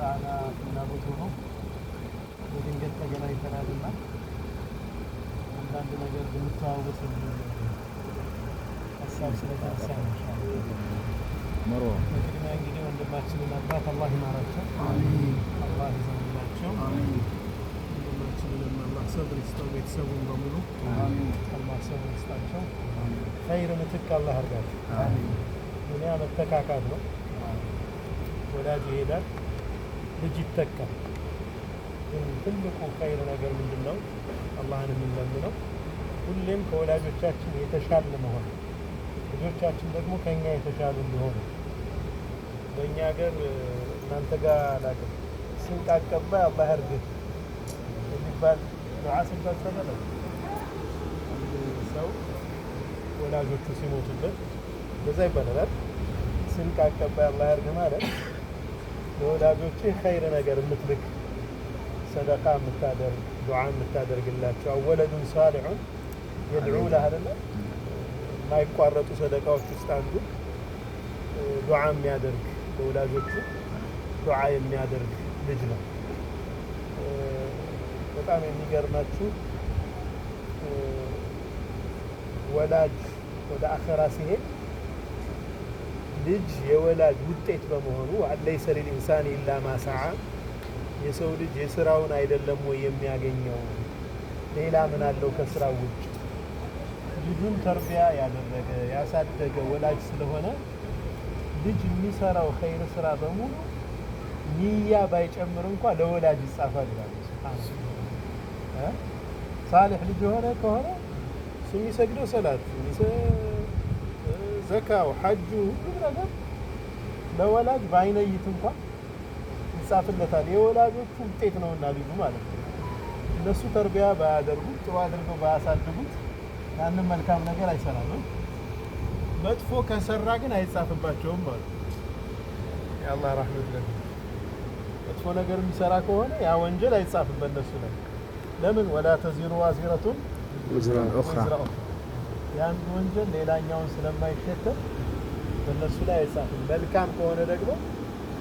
تعالى نعبدهم በድንገት ተገናኝተናልና አንዳንድ ነገር ብንተዋወስ ሀሳብ ስለተነሳ ነው። በቅድሚያ እንግዲህ ወንድማችንን አባት አላህ ይማራቸው፣ አላህ ይዘንላቸው። ወንድማችንንም አላህ ሰብር ይስጠው፣ ቤተሰቡን በሙሉ አላህ ሰብር ይስጣቸው። ኸይር ምትክ አላህ አድርጋቸው። ዱንያ መተካካት ነው። ወዳጅ ይሄዳል ልጅ ይጠቀም። ትልቁ ኸይር ነገር ምንድን ነው? አላህን የምንለምነው ሁሌም ከወላጆቻችን የተሻለ መሆን፣ ልጆቻችን ደግሞ ከእኛ የተሻሉ እንዲሆኑ። በእኛ ሀገር እናንተ ጋር አላውቅም፣ ስንቅ አቀባይ አላህ ያርግህ የሚባል ዱዓ ሲባል ሰበለ ሰው ወላጆቹ ሲሞቱበት በዛ ይባላል። ስንቅ አቀባይ አላህ ያርግህ ማለት ለወዳጆችህ ኸይር ነገር የምትልክ ሰደቃ የምታደርግ ዱዓ የምታደርግላቸው አወለዱን ሳሊሑን የድዑ ለህ የማይቋረጡ ሰደቃዎች ውስጥ አንዱ ዱዓ የሚያደርግ ለወላጆቹ ዱዓ የሚያደርግ ልጅ ነው። በጣም የሚገርማችሁ ወላጅ ወደ አኸራ ሲሄድ ልጅ የወላጅ ውጤት በመሆኑ አለይሰ ሊልኢንሳን ኢላ ማሰዓ የሰው ልጅ የስራውን አይደለም ወይ የሚያገኘው? ሌላ ምን አለው ከስራው ውጭ? ልጁን ተርቢያ ያደረገ ያሳደገ ወላጅ ስለሆነ ልጅ የሚሰራው ኸይር ስራ በሙሉ ኒያ ባይጨምር እንኳ ለወላጅ ይጻፋል ይላል። ሳልሕ ልጅ የሆነ ከሆነ የሚሰግደው ሰላት ዘካው፣ ሐጁ ሁሉም ነገር ለወላጅ በአይነይት እንኳን ይጻፍለታል። የወላጆቹ ውጤት ነውና ልዩ ማለት ነው። እነሱ ተርቢያ ባያደርጉት ጥሩ አድርገው ባያሳድጉት ያንን መልካም ነገር አይሰራም። መጥፎ ከሰራ ግን አይጻፍባቸውም ማለት የአላህ ራህመት ለ መጥፎ ነገር የሚሰራ ከሆነ ያ ወንጀል አይጻፍም በእነሱ ላይ። ለምን ወላ ተዚሩ ዋዚረቱን ወዝራ ኡኽራ ያን ወንጀል ሌላኛውን ስለማይሸከም በእነሱ ላይ አይጻፍም። መልካም ከሆነ ደግሞ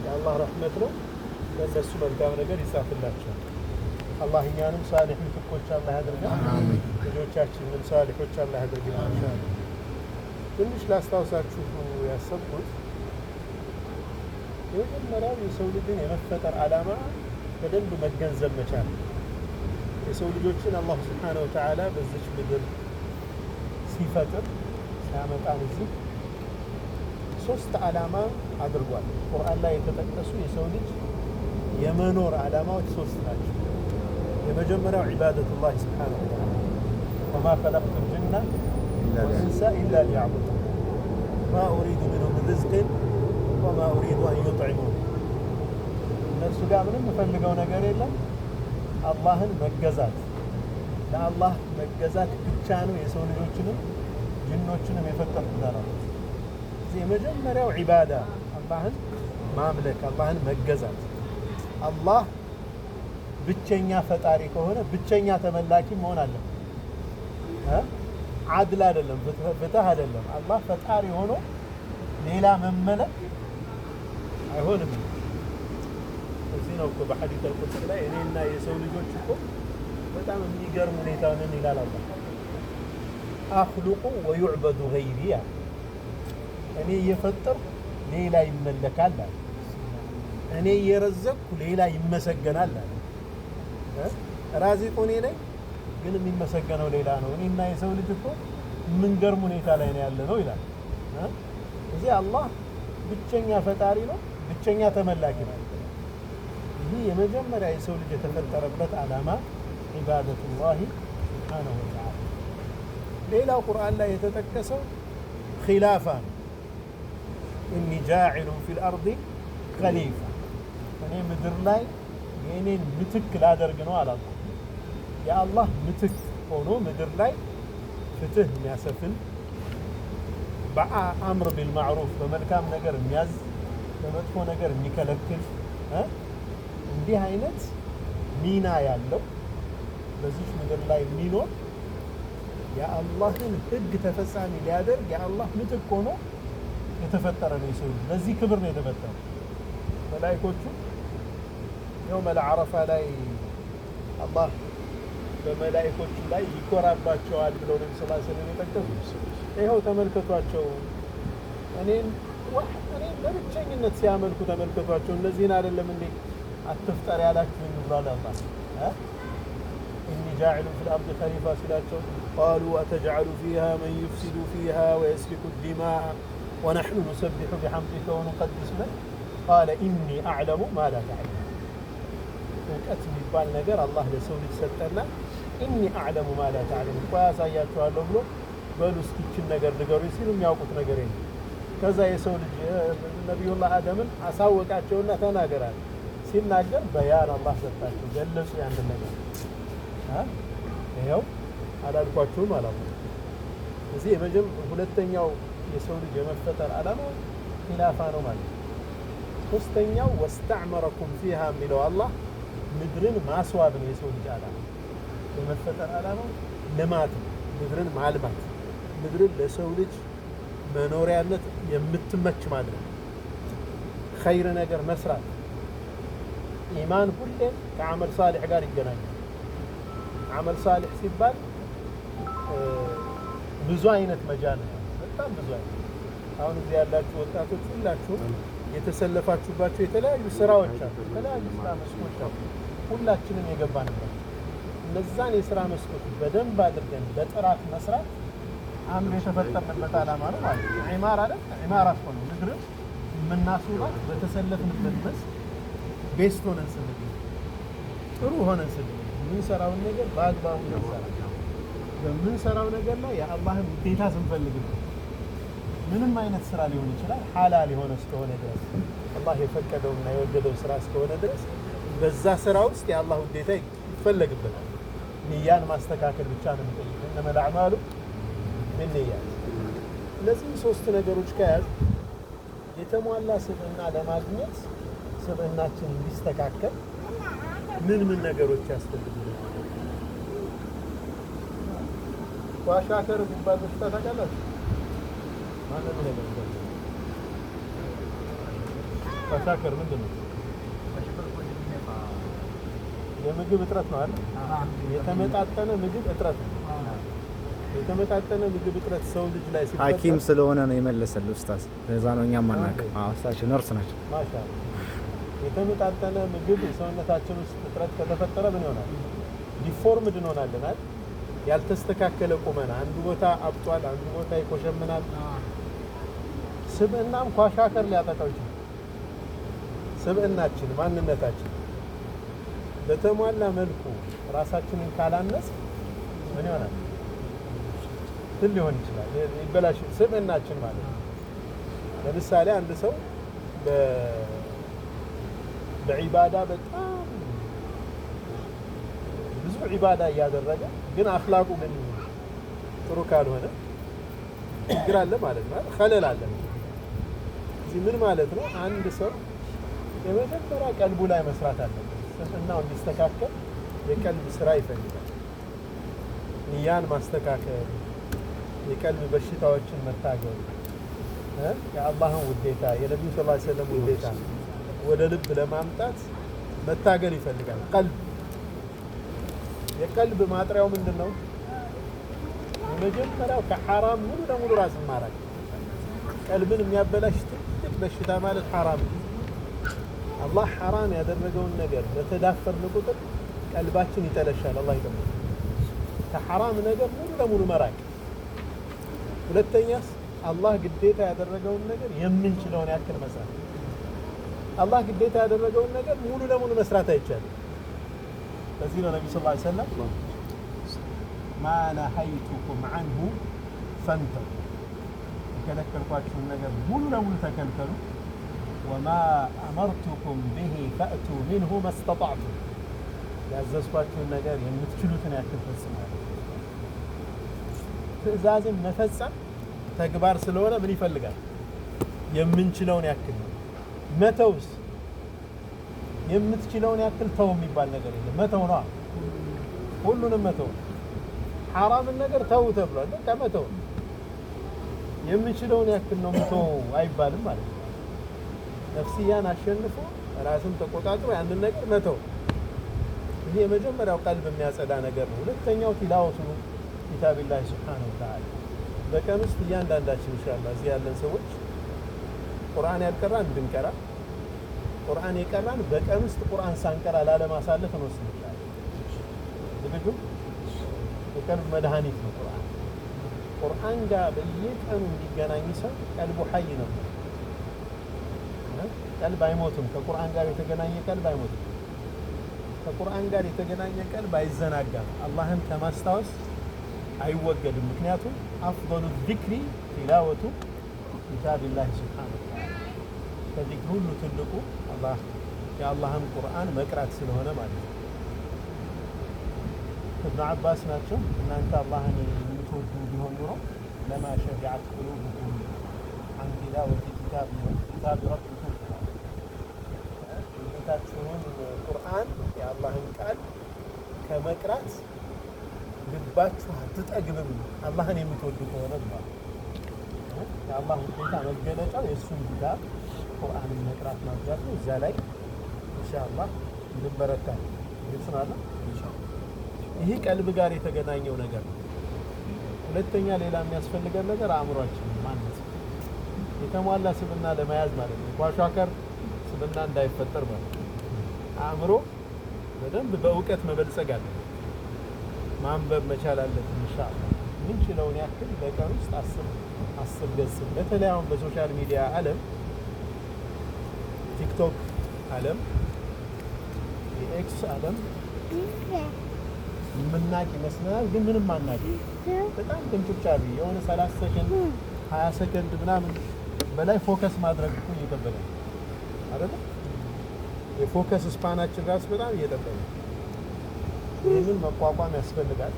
የአላህ ረህመት ነው። በእነሱ መልካም ነገር ይጻፍላቸዋል። አላህ እኛንም ሳሊሕ ምትኮች አላህ ያድርገን፣ ልጆቻችንንም ሳሊሖች አላህ ያድርገን። ትንሽ ላስታውሳችሁ ያሰብኩት የመጀመሪያው የሰው ልጅን የመፈጠር ዓላማ በደንብ መገንዘብ መቻል የሰው ልጆችን አላሁ ስብሓነሁ ወተዓላ በዚች ምድር ሲፈጥር ሲያመጣን እዚህ ሶስት ዓላማ አድርጓል። ቁርአን ላይ የተጠቀሱ የሰው ልጅ የመኖር ዓላማዎች ሶስት ናቸው። የመጀመሪያው ዒባደቱላህ ስብሓነሁ ወተዓላ ወማ ኸለቅቱ ልጅና ወኢንሳ ኢላ ሊያዕቡዱ ማ ኡሪዱ ሚንሁም ርዝቅን ወማ ኡሪዱ አን ዩጥዒሙን እነሱ ጋር ምንም የምፈልገው ነገር የለም አላህን መገዛት ለአላህ መገዛት ብቻ ነው የሰው ልጆችንም ጅኖችንም የፈጠርኩት አለ። እዚህ የመጀመሪያው ዒባዳ አላህን ማምለክ፣ አላህን መገዛት። አላህ ብቸኛ ፈጣሪ ከሆነ ብቸኛ ተመላኪ መሆን አለበት። አድል አይደለም፣ ፍትህ አይደለም። አላህ ፈጣሪ ሆኖ ሌላ መመለክ አይሆንም። እዚህ ነው እኮ በሐዲስ አልቁድስ ላይ እኔና የሰው ልጆች እኮ በጣም የሚገርም ሁኔታ ነን ይላል አላ አክሉቁ ወዩዕበዱ ገይሪ ያ እኔ እየፈጠርኩ ሌላ ይመለካል አለ። እኔ እየረዘቅኩ ሌላ ይመሰገናል አለ። ራዚቁ እኔ ነኝ፣ ግን የሚመሰገነው ሌላ ነው። እኔና የሰው ልጅ እኮ የምንገርም ሁኔታ ላይ ነው ያለ ነው ይላል። እዚህ አላህ ብቸኛ ፈጣሪ ነው፣ ብቸኛ ተመላኪ ነው። ይህ የመጀመሪያ የሰው ልጅ የተፈጠረበት አላማ ። ዒባደቱላሂ ሱብሓነሁ ወተዓላ። ሌላው ቁርአን ላይ የተጠቀሰው ኺላፋ ነው። ኢኒ ጃዒሉን ፊል አርዲ ኸሊፋ፣ እኔ ምድር ላይ የእኔን ምትክ ላደርግ ነው አላልኩ። የአላህ ምትክ ሆኖ ምድር ላይ ፍትህ የሚያሰፍን በአምር ቢልማዕሩፍ በመልካም ነገር የሚያዝ በመጥፎ ነገር የሚከለክል እንዲህ አይነት ሚና ያለው በዚህ ምድር ላይ ሊኖር የአላህን ህግ ተፈጻሚ ሊያደርግ የአላህ ምትክ ሆኖ የተፈጠረ ነው። የሰው ለዚህ ክብር ነው የተፈጠረ። መላይኮቹ የውመል ዓረፋ ላይ አላህ በመላይኮቹ ላይ ይኮራባቸዋል ብለው ነቢ ስ ስለም የጠቀሱ ይኸው ተመልከቷቸው፣ እኔን እኔን በብቸኝነት ሲያመልኩ ተመልከቷቸው። እነዚህን አይደለም እንዴ አትፍጠር ያላችሁኝ ብሏል አላህ جاعل في الأرض خليفة سلاته قالوا أتجعل فيها من يفسد فيها ويسفك الدماء ونحن نسبح بحمدك ونقدس لك قال إني أعلم ما لا تعلم وكأتني بال نجر الله لسوني ستنا إني أعلم ما لا تعلم فاسا ياتوا لبلو قالوا استيك النجر نجر يسيرهم يوقف نجرين كذا يسول النبي الله آدم أساوك أتشونا تناجران سيناجر بيان الله سبحانه جلس في عند النجر ይኸው አላልኳችሁም ማለት እዚህ የመጀመ ሁለተኛው የሰው ልጅ የመፈጠር አላማ ኪላፋ ነው ማለት ነው። ሶስተኛው ወስተዕመረኩም ፊሃ የሚለው አላህ ምድርን ማስዋብ ነው። የሰው ልጅ አላማ የመፈጠር አላማ ልማት ነው። ምድርን ማልማት፣ ምድርን ለሰው ልጅ መኖሪያነት የምትመች ማድረግ፣ ኸይር ነገር መስራት። ኢማን ሁሌ ከዓመል ሳሌሕ ጋር ይገናኛል። አመል ሳሌሕ ሲባል ብዙ አይነት መጃል በጣም ብዙ አይነት አሁን እዚህ ያላችሁ ወጣቶች ሁላችሁም የተሰለፋችሁባቸው የተለያዩ ስራዎች አሉ፣ የተለያዩ ስራ መስኮች አሉ። ሁላችንም የገባንባቸው እነዛን የስራ መስኮች በደንብ አድርገን በጥራት መስራት አንዱ የተፈጠርንበት ዓላማ ነው ማለት ነው። ዒማር አለ ዒማር እኮ ነው የምናስውባት በተሰለፍንበት መስክ ቤስት ሆነን ስንገኝ ጥሩ ሆነን ስንገኝ የምንሰራውን ነገር በአግባቡ በምንሰራው ነገር ላይ የአላህን ውዴታ ስንፈልግ ምንም አይነት ስራ ሊሆን ይችላል። ሐላል የሆነ እስከሆነ ድረስ አላህ የፈቀደውና የወደደው ስራ እስከሆነ ድረስ በዛ ስራ ውስጥ የአላህ ውዴታ ይፈለግበታል። ንያን ማስተካከል ብቻ ነው የሚጠይቀው። እነመል አዕማሉ ቢንኒያት። እነዚህ ሶስት ነገሮች ከያዝ የተሟላ ስብዕና ለማግኘት ስብዕናችን እንዲስተካከል ምን ምን ነገሮች ያስፈልጉ? ዋሻከር የሚባል በሽታ ታውቃላችሁ? ማለት ነው ነው ዋሻከር ምንድን ነው? የምግብ እጥረት ነው አይደል? የተመጣጠነ ምግብ እጥረት ነው። የተመጣጠነ ምግብ እጥረት ሰው ልጅ ላይ ሲፈጠር ሐኪም ስለሆነ ነው የመለሰልህ ኡስታዝ። ለዛ ነው እኛም አናውቅም። ኡስታዝ ነርስ ናቸው። ማሻአላህ የተመጣጠነ ምግብ የሰውነታችን ውስጥ እጥረት ከተፈጠረ ምን ይሆናል? ዲፎርምድ እንሆናለናል። ያልተስተካከለ ቁመና፣ አንዱ ቦታ አብጧል፣ አንዱ ቦታ ይቆሸምናል። ስብእናም ኳሻከር ሊያጠቃው ይችላል። ስብእናችን፣ ማንነታችን በተሟላ መልኩ ራሳችንን ካላነስ ምን ይሆናል? ትል ሊሆን ይችላል፣ ይበላሽ። ስብእናችን ማለት ነው። ለምሳሌ አንድ ሰው ለዒባዳ በጣም ብዙ ዒባዳ እያደረገ ግን አኽላቁ ምን ጥሩ ካልሆነ ችግር አለ ማለት ነው። ከለል አለ። እዚህ ምን ማለት ነው? አንድ ሰው የመጀመሪያ ቀልቡ ላይ መስራት አለበት። ስፍናው እንዲስተካከል የቀልብ ስራ ይፈልጋል። ንያን ማስተካከል፣ የቀልብ በሽታዎችን መታገል፣ የአላህን ውዴታ የነቢዩ ስ ሰለም ውዴታ ወደ ልብ ለማምጣት መታገል ይፈልጋል። ቀልብ የቀልብ ማጥሪያው ምንድን ነው? የመጀመሪያው ከሐራም ሙሉ ለሙሉ ራስ ማራቅ። ቀልብን የሚያበላሽ ትልቅ በሽታ ማለት ሐራም ነው። አላህ ሐራም ያደረገውን ነገር በተዳፈርን ቁጥር ቀልባችን ይጠለሻል። አላህ ይደሞ ከሐራም ነገር ሙሉ ለሙሉ መራቅ። ሁለተኛስ አላህ ግዴታ ያደረገውን ነገር የምንችለውን ያክል መስራት አላህ ግዴታ ያደረገውን ነገር ሙሉ ለሙሉ መስራት አይቻልም። በዚህ ነው ነቢ ስለ ሰለም ማ ነሀይቱኩም አንሁ ፈንተው የከለከልኳችሁን ነገር ሙሉ ለሙሉ ተከልከሉ። ወማ አመርቱኩም ብሂ ፈእቱ ሚንሁ መስተጣዕቱ ያዘዝኳችሁን ነገር የምትችሉትን ያክል ፈጽማለ። ትዕዛዝን መፈጸም ተግባር ስለሆነ ምን ይፈልጋል? የምንችለውን ያክል መተውስ የምትችለውን ያክል ተው የሚባል ነገር የለም። መተው ነው ሁሉንም መተው ነው። ሐራምን ነገር ተው ተብሏል። በቃ መተው የምችለውን ያክል ነው መተው አይባልም ማለት ነው። ነፍስያን አሸንፎ ራስን ተቆጣጥሮ ያንን ነገር መተው ይህ የመጀመሪያው ቀልብ የሚያጸዳ ነገር ነው። ሁለተኛው ቲላወቱ ኪታቢላህ ሱብሓነሁ ወተዓላ በቀን ውስጥ እያንዳንዳችን ኢንሻአላህ እዚህ ያለን ሰዎች ቁርአን ያልቀራን እንድንቀራ ቁርአን የቀራን በቀን ውስጥ ቁርአን ሳንቀራ ላለማሳለፍ ነው። ስንቻለ ዝግጁ የቀልብ መድኃኒት ነው ቁርአን። ቁርአን ጋር በየቀኑ እንዲገናኝ ሰው ቀልቡ ሀይ ነው። ቀልብ አይሞትም። ከቁርአን ጋር የተገናኘ ቀልብ አይሞትም። ከቁርአን ጋር የተገናኘ ቀልብ አይዘናጋም። አላህን ከማስታወስ አይወገድም። ምክንያቱም አፍደሉ ዚክሪ ቲላወቱ ኪታቢላህ ስብሓነሁ ከዚክር ሁሉ ትልቁ አላህ የአላህን ቁርአን መቅራት ስለሆነ ማለት ነው። እብነ አባስ ናቸው። እናንተ አላህን የምትወዱ ቢሆን ኑሮ ለማ ሸቢዐት ቁሉብኩም አን ቲላወቲ ኪታቢ ረቢኩም የጌታችሁን ቁርአን የአላህን ቃል ከመቅራት ልባችሁ አትጠግብም አላህን የምትወዱ ከሆነ ብሏል። ማለት የአላህ ውዴታ መገለጫው የእሱን ጋር ቁርአንን መቅራት ማብዛት ነው። እዛ ላይ ኢንሻአላህ እንበረታል። ግልጽ ማለት ቀልብ ጋር የተገናኘው ነገር ነው። ሁለተኛ ሌላ የሚያስፈልገን ነገር አእምሯችን ማለት የተሟላ ስብና ለመያዝ ማለት ነው። ኳሻከር ስብና እንዳይፈጠር ማለት ነው። አእምሮ በደንብ በእውቀት መበልጸግ አለ። ማንበብ መቻል አለብን ኢንሻአላህ የምንችለውን ያክል በቀን ውስጥ አስር ገጽ በተለይ አሁን በሶሻል ሚዲያ ዓለም ቲክቶክ ዓለም የኤክስ ዓለም የምናቅ ይመስለናል፣ ግን ምንም አናቅ። በጣም ቅንጭብጫቢ የሆነ ሰላሳ ሰከንድ ሀያ ሰከንድ ምናምን በላይ ፎከስ ማድረግ እኮ እየጠበለ አይደለ? የፎከስ ስፓናችን ራሱ በጣም እየጠበለ ይህንን መቋቋም ያስፈልጋል።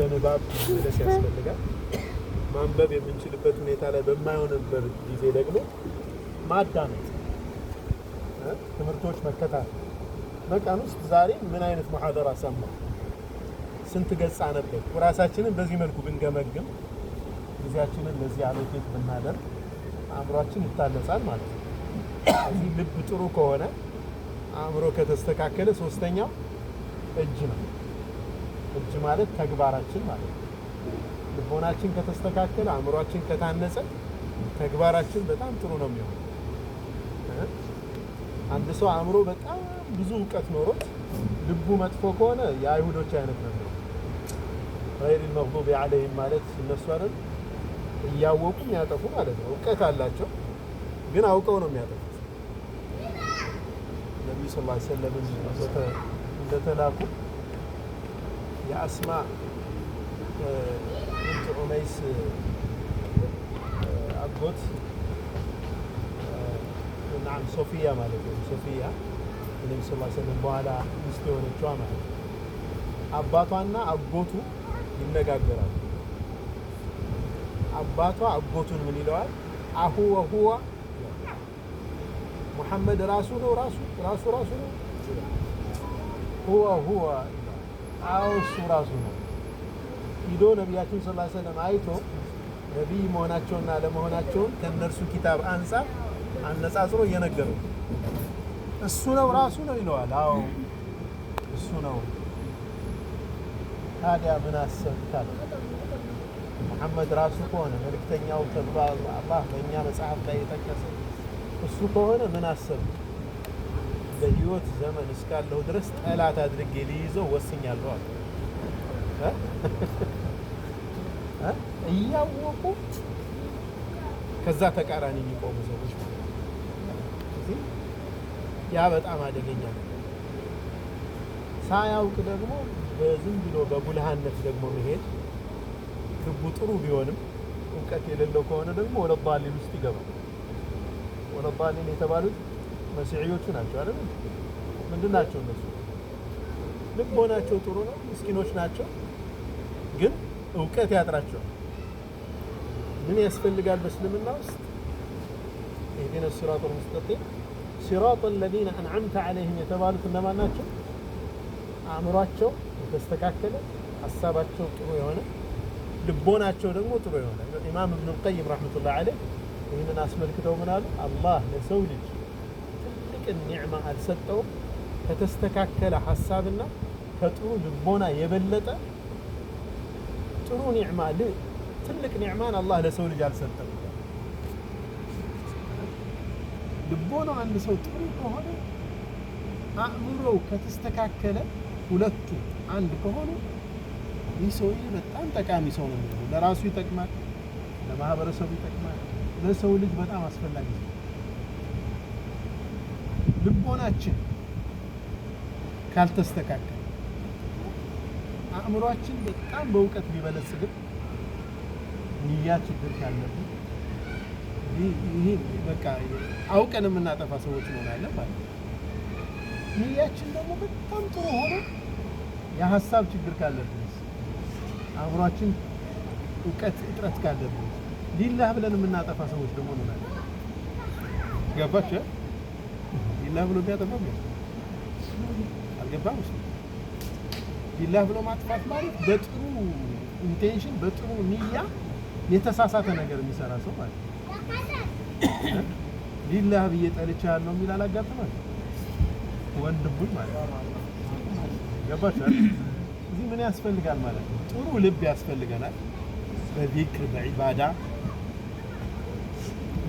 ወደ ንባብ መለስ ያስፈልጋል። ማንበብ የምንችልበት ሁኔታ ላይ በማይሆንበት ጊዜ ደግሞ ማዳመጥ፣ ትምህርቶች መከታተል። በቀን ውስጥ ዛሬ ምን አይነት ማህደራ ሰማ፣ ስንት ገጽ አነበብ፣ ራሳችንን በዚህ መልኩ ብንገመግም፣ ጊዜያችንን ለዚህ አሎኬት ብናደርግ አእምሯችን ይታነጻል ማለት ነው። ልብ ጥሩ ከሆነ አእምሮ ከተስተካከለ፣ ሶስተኛው እጅ ነው። እጅ ማለት ተግባራችን ማለት ነው። ልቦናችን ከተስተካከለ፣ አእምሯችን ከታነጸ ተግባራችን በጣም ጥሩ ነው የሚሆነው። አንድ ሰው አእምሮ በጣም ብዙ እውቀት ኖሮት ልቡ መጥፎ ከሆነ የአይሁዶች አይነት ነው ነው ገይሪል መግዱቢ ዐለይሂም ማለት እነሱ አይደል እያወቁ የሚያጠፉ ማለት ነው። እውቀት አላቸው ግን አውቀው ነው የሚያጠፉት። ነቢዩ ስ ሰለም እንደተላኩ يا اسماء آه، بنت اميس اقوت آه، آه، نعم صوفيا مالتي صوفيا النبي صلى الله عليه وسلم بوالا مستوى الدراما اباطوانا اقوتو ينقاقرا اباطو اقوتو من الوال اهو هو محمد راسو راسو راسو راسو هو هو አዎ እሱ ራሱ ነው። ሂዶ ነቢያችን ስ ሰለም አይቶ ነቢይ መሆናቸውና ለመሆናቸውን ከእነርሱ ኪታብ አንጻር አነጻጽሮ እየነገሩ እሱ ነው ራሱ ነው ይለዋል። አዎ እሱ ነው። ታዲያ ምን አሰብካል? መሐመድ ራሱ ከሆነ መልክተኛው ተብሎ አላህ በእኛ መጽሐፍ ላይ የጠቀሰ እሱ ከሆነ ምን አሰብ በህይወት ዘመን እስካለሁ ድረስ ጠላት አድርጌ ልይዘው ወስኛለሁ አለ። እያወቁ ከዛ ተቃራኒ የሚቆሙ ሰዎች ያ በጣም አደገኛ ነው። ሳያውቅ ደግሞ በዝም ብሎ በቡልሃነት ደግሞ መሄድ ልቡ ጥሩ ቢሆንም እውቀት የሌለው ከሆነ ደግሞ ወለባሊን ውስጥ ይገባል። ወለባሊን የተባሉት መሲዕዮቹ ናቸው አይደል? ምንድን ናቸው እነሱ? ልቦናቸው ጥሩ ነው፣ ምስኪኖች ናቸው፣ ግን እውቀት ያጥራቸዋል። ምን ያስፈልጋል በእስልምና ውስጥ? ኢህዲነ ሲራጥ ልሙስተቂም ሲራጥ ለዚነ አንዓምተ ዓለይህም የተባሉት እነማን ናቸው? አእምሯቸው የተስተካከለ ሀሳባቸው ጥሩ የሆነ ልቦናቸው ደግሞ ጥሩ የሆነ ኢማም ልቀይም ረሕመቱላህ ዓለይህ ይህንን አስመልክተው ምን አሉ? አላህ ለሰው ልጅ ቅን ኒዕማ አልሰጠውም። ከተስተካከለ ሀሳብና ከጥሩ ልቦና የበለጠ ጥሩ ኒዕማ ትልቅ ኒዕማን አላህ ለሰው ልጅ አልሰጠም። ልቦና አንድ ሰው ጥሩ ከሆነ አእምሮው ከተስተካከለ ሁለቱ አንድ ከሆኑ ይህ ሰውዬ በጣም ጠቃሚ ሰው ነው። ለራሱ ይጠቅማል፣ ለማህበረሰቡ ይጠቅማል፣ ለሰው ልጅ በጣም አስፈላጊ ነው። ልቦናችን ካልተስተካከለ አእምሯችን በጣም በእውቀት ቢበለጽግም ንያ ችግር ካለብን ይሄ በቃ አውቀን የምናጠፋ ሰዎች እንሆናለን ማለት ነው። ንያችን ደግሞ በጣም ጥሩ ሆኖ የሀሳብ ችግር ካለብን፣ አእምሯችን እውቀት እጥረት ካለብን ሊላህ ብለን የምናጠፋ ሰዎች ደግሞ እንሆናለን። ገባችሁ? ቢላህ ብሎ የሚያጠፋም አልገባም። እሱ ቢላህ ብሎ ማጥፋት ማለት በጥሩ ኢንቴንሽን በጥሩ ንያ የተሳሳተ ነገር የሚሰራ ሰው ማለት ነው። ሊላህ ብዬ ጠልቻ ያለው የሚል አላጋጥማል ወንድሙን ማለት ነው። ገባችኋል? እዚህ ምን ያስፈልጋል ማለት ነው? ጥሩ ልብ ያስፈልገናል። በዚክር በዒባዳ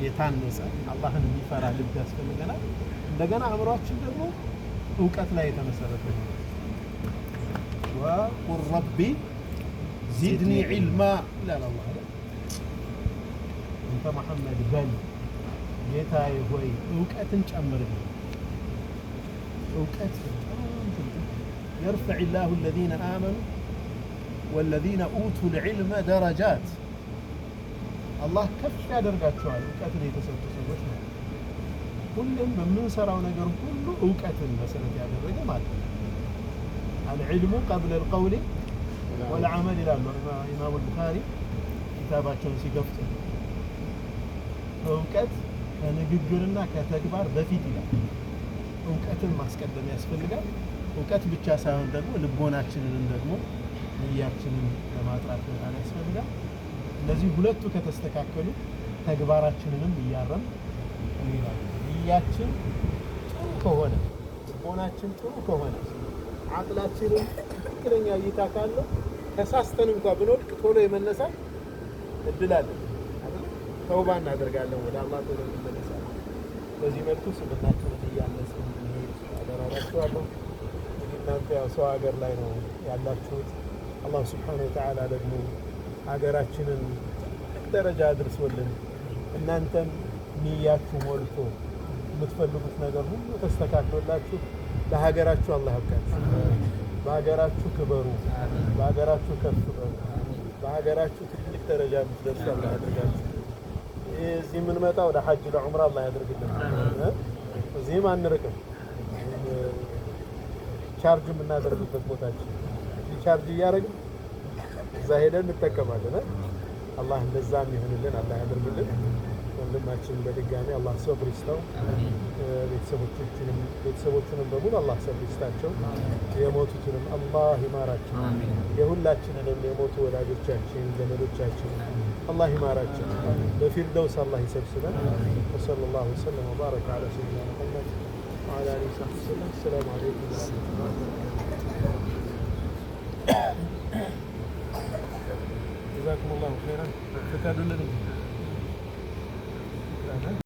የታነጸ አላህን የሚፈራ ልብ ያስፈልገናል። እንደገና አእምሯችን ደግሞ እውቀት ላይ የተመሰረተ ነው። ወቁል ረቢ ዚድኒ ዒልማ ይላል አላህ አይደል? አንተ መሐመድ በል ጌታዬ ሆይ እውቀትን ጨምርልኝ። እውቀት يرفع الله الذين آمنوا والذين أوتوا العلم درجات الله كف يا درجات شوال وكاتل يتسوى تسوى ሁሌም በምንሰራው ነገር ሁሉ እውቀትን መሰረት ያደረገ ማለት ነው። አልዕልሙ ቀብለ ልቀውል ወልዓመል ይላሉ ኢማሙ ልቡኻሪ ኪታባቸውን ሲከፍቱ እውቀት ከንግግርና ከተግባር በፊት ይላል። እውቀትን ማስቀደም ያስፈልጋል። እውቀት ብቻ ሳይሆን ደግሞ ልቦናችንንም ደግሞ ንያችንን ለማጥራት በጣም ያስፈልጋል። እነዚህ ሁለቱ ከተስተካከሉ ተግባራችንንም እያረም እንሄዳለን። ንያችን ጥሩ ከሆነ ልቦናችን ጥሩ ከሆነ አቅላችንም ትክክለኛ እይታ ካለው ተሳስተን እንኳ ብንወድቅ ቶሎ የመነሳት እድላለን። ተውባ እናደርጋለን፣ ወደ አላህ ቶሎ እንመለሳለን። በዚህ መልኩ ስምናችንን እያነጽን እንሄድ አደራላችኋለሁ። እንግዲህ እናንተ ያው ሰው ሀገር ላይ ነው ያላችሁት። አላህ ስብሓነሁ ወተዓላ ደግሞ ሀገራችንን ትልቅ ደረጃ አድርሶልን እናንተም ንያችሁ ሞልቶ የምትፈልጉት ነገር ሁሉ ተስተካክሎላችሁ ለሀገራችሁ አላህ ያብቃችሁ። በሀገራችሁ ክበሩ፣ በሀገራችሁ ከፍ በሩ፣ በሀገራችሁ ትልቅ ደረጃ የምትደርሱ አላህ ያድርጋችሁ። እዚህ የምንመጣ ወደ ሐጅ ለዑምራ አላህ ያድርግልን። እዚህም አንርቅም፣ ቻርጅ የምናደርግበት ቦታችን ቻርጅ እያደረግን እዛ ሄደን እንጠቀማለን። አላህ እንደዛም ይሆንልን፣ አላህ ያደርግልን። ఒళ్ళు మ్యాచింగ్ బిడ్డకి కానీ అల్లా సబరిస్తావు ቤተሰቦቻችንም ቤተሰቦቹንም በሙሉ አላህ ሰብስታቸው የሞቱትንም አላህ ይማራቸው። የሁላችንንም የሞቱ ወዳጆቻችን ዘመዶቻችን አላህ ይማራቸው። በፊርደውስ አላህ ይሰብስበን። ወሰለላሁ ወሰለም ወባረከ አላ ሰይድና ሙሐመድ ወአላ አሊሂ ወሰለም። አሰላሙ አለይኩም ወረሕመቱላሂ ወበረካቱህ። ጀዛኩም ላሁ ኸይራን። ፍቀዱልን